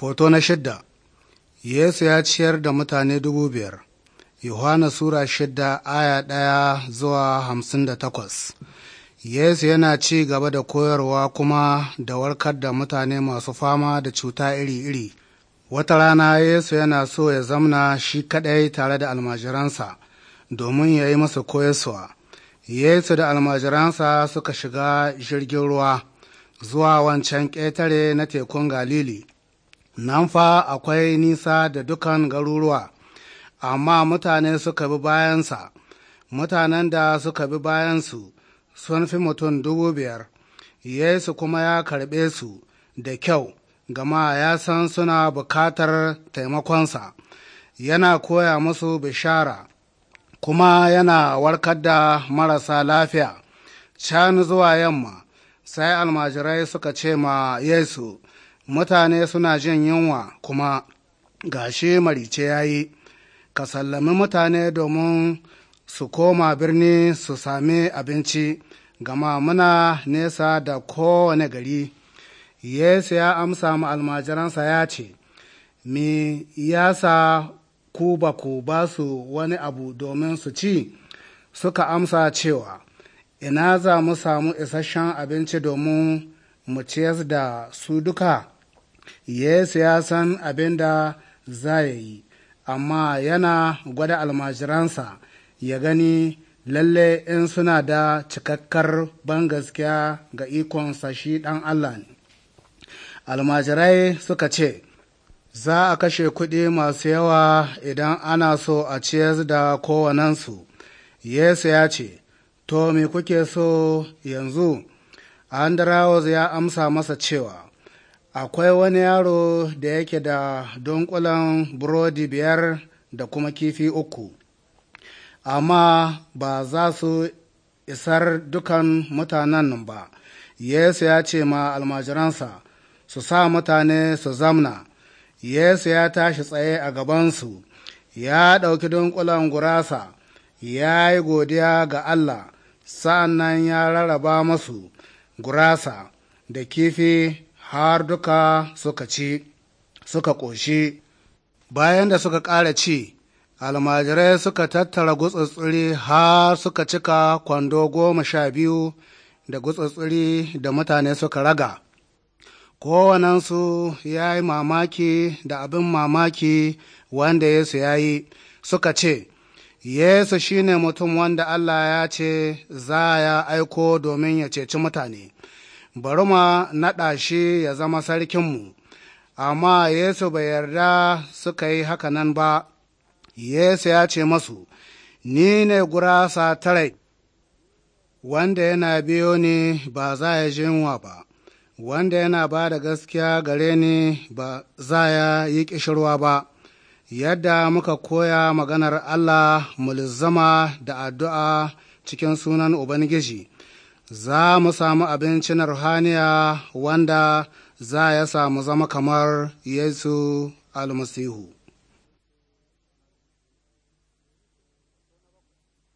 Foto na shidda Yesu ya ciyar da mutane dubu biyar. Yohana Sura shidda aya ɗaya zuwa hamsin da takwas. Yesu yana ci gaba da koyarwa kuma da warkar da mutane masu fama da cuta iri-iri. Wata rana Yesu yana so ya zamna shi kaɗai tare da almajiransa domin ya yi masa koyarwa. Yesu da almajiransa suka shiga jirgin ruwa zuwa wancan ƙetare na tekun Galili. nan fa akwai nisa da dukan garuruwa amma mutane suka bi bayansa mutanen da suka bi bayansu sun fi mutum dubu biyar yesu kuma ya karɓe su da kyau gama ya san suna bukatar taimakonsa yana koya musu bishara kuma yana warkar da marasa lafiya can zuwa yamma sai almajirai suka ce ma yesu mutane suna jin yunwa kuma gashi marice ya yi ka sallami mutane domin su koma birni su sami abinci gama muna nesa da kowane gari yesu ya amsa mu almajiransa ya ce me ya sa ku ba ku ba su wani abu domin su ci suka amsa cewa ina za mu samu isasshen abinci domin mu ciyar da su duka Yesu ya san abin da za yi, amma yana gwada almajiransa ya gani lalle in suna da cikakkar ban gaskiya ga ikonsa shi ɗan Allah ne. Almajirai suka ce, Za a kashe kuɗi masu yawa idan ana so a ciyar da kowanensu. Yesu ya ce, To, me kuke so yanzu? Andrawus ya amsa masa cewa, akwai wani yaro da yake da dunkulan burodi biyar da kuma kifi uku amma ba za su isar dukan mutanen nan ba yesu ya ce ma almajiransa su sa mutane su zamna yesu ya tashi tsaye a gabansu ya ɗauki dunkulan gurasa ya yi godiya ga allah sa'an nan ya rarraba masu gurasa da kifi har duka suka ci suka ƙoshi bayan da suka ƙara ci almajirai suka tattara gutsatsiri har suka cika kwando goma sha biyu da gutsatsiri da mutane suka raga kowanensu ya yi mamaki da abin mamaki wanda yesu ya yi suka ce yesu shine mutum wanda allah ya ce za ya aiko domin ya ceci mutane bari ma naɗa shi ya zama sarkinmu amma yesu bai yarda suka yi nan ba yesu ya ce masu ni ne gurasa tarai wanda yana biyo ne ba za ya yunwa ba wanda yana ba da gaskiya gare ni ba za ya yi ƙishirwa ba yadda muka koya maganar allah mulzama da addu'a cikin sunan ubangiji za mu samu abincin ruhaniya wanda za ya samu zama kamar Yesu almasihu.